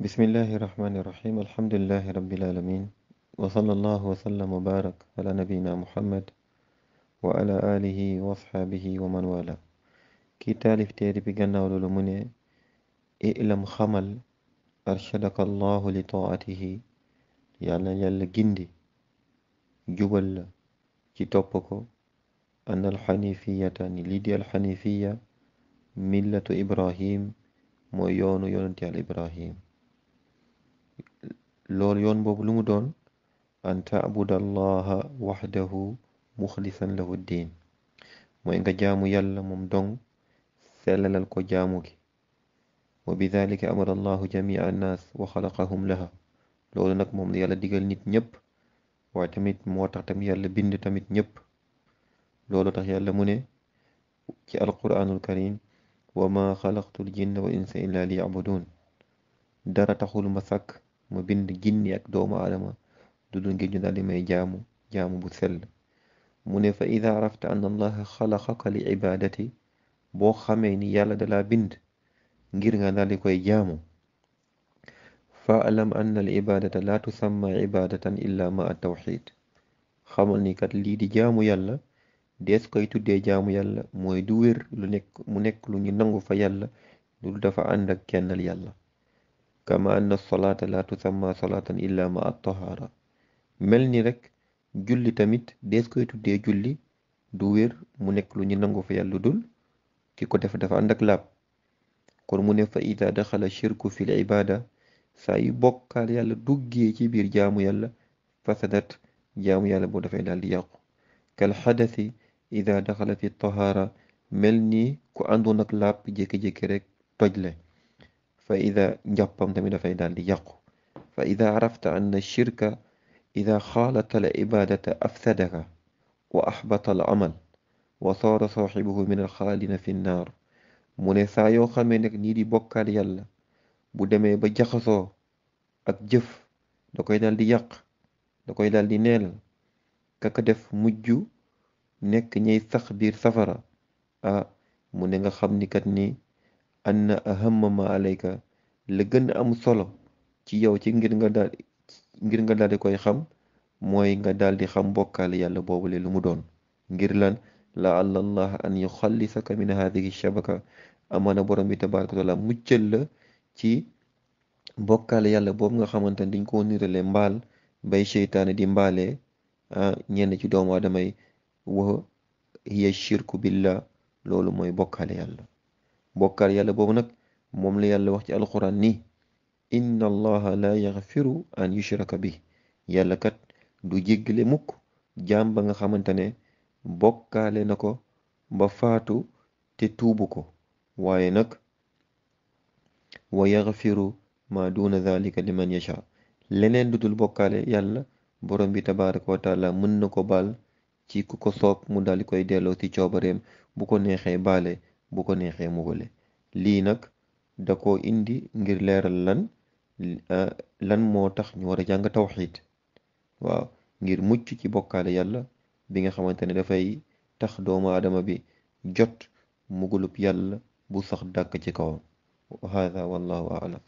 bismillahi irrahmani irrahim alhamdulilahi rabilalamin wasala allahu wasallam wa barak ala nabiyina muhammad wa ala alihi wa asxaabihi wa man wala kii taalif téere bi gannaaw loolu mu ne ilam xamal arshadaka allahu li taatihi yàlla yàlla gindi jubal la ci topp ko an alxanifiyata ni lii di alxanifiya millatu ibrahim mooy yoonu yonent yàlla ibrahim loolu yoon boobu lu mu doon an taabuda allaha waxdahu muxlisan lahu diin mooy nga jaamu yàlla moom dong sellalal ko jaamu gi wa bi dalika amara allahu jamia annaas yàlla digal nit ñëpp tamit moo tax tamit yàlla bind tamit ñëpp loolu tax yàlla mu ne ci alquranul wa ma xalaqtu l wa insa illa li yabudun dara taxul ma sàkk ma bind jinni ak doomu aadama du dul ngir ñu daal may jaamu jaamu bu sell mu ne fa ida arafta an allaha xalaqaka li ibadati boo xamee ni yàlla dalaa bind ngir nga daal koy jaamu fa alam anna al ibadata la tusamma ibadatan illa ma at tawxid xamal kat lii di jaamu yàlla des koy tuddee jaamu yàlla mooy du wér lu nekk mu nekk lu ñu nangu fa yàlla lu dafa ànd kennal yàlla kama anna solaata la tusamma solaatan illa ma at tahara mel ni rek julli tamit dees koy tuddee julli du mu nekk lu ñu nangu fa yàlla dul ki ko def dafa ànd laab kon mu ne fa ida daxala shirku fil ibada saa yu bokkaal yàlla duggee ci biir jaamu yàlla fasadat jaamu yàlla boo dafay daal di yàqu kal xadasi ida daxala fi tahaara mel ni ku àndoon laab jékki-jékki rek toj le fa ida njàppam tamit dafay daal di yàqu fa ida arafta anna shirka ida xaalata al ibadata afsadaka wa axbata al amal wa saara saaxibuhu min al xaalina fi nnaar mu ne saa yoo xamee nag nii di bokkaal yàlla bu demee ba jaxasoo ak jëf da koy daal di yàq da koy daal di neelal kaka def mujj nekk ñey sax biir safara ah mu ne nga xam ni kat ni anna ahamma ma alayka la gën a am solo ci yow ci ngir nga daal nga daal di koy xam mooy nga daal di xam bokkaale yàlla boobule lu mu doon ngir lan la allah an yuxallisaka min hadihi shabaka amaana borom bi tabaraka taala muccal la ci bokkaale yàlla boobu nga xamante ne dañ koo nirale mbaal bay seytaane di mbaale ah, ñenn ci doomu aadama yi wa hiya shirku billah loolu mooy bokkaale yàlla bokkaale yàlla boobu nag moom la yàlla wax ci alquran nii inna allaha la yaxfiru an yushraka bi yàlla kat du jéggale mukk jaam ba nga xamante ne bokkaale na ko ba faatu te tuubu ko waaye nag wa yaxfiru ma duna zalika liman yasha leneen du dul bokkaale yàlla borom bi tabaraka wa taala mën na ko baal ci ku ko soob mu daal di koy delloo ci coobareem bu ko neexee baale bu ko neexee mugale lii nag da ko indi ngir leeral lan eh, lan moo tax ñu war a jàng tawxiid waaw ngir mucc ci bokkaale yàlla bi nga xamante ne dafay tax doomu aadama bi jot mugulub yalla bu sax dàkk ci kawam hada wallahu aalam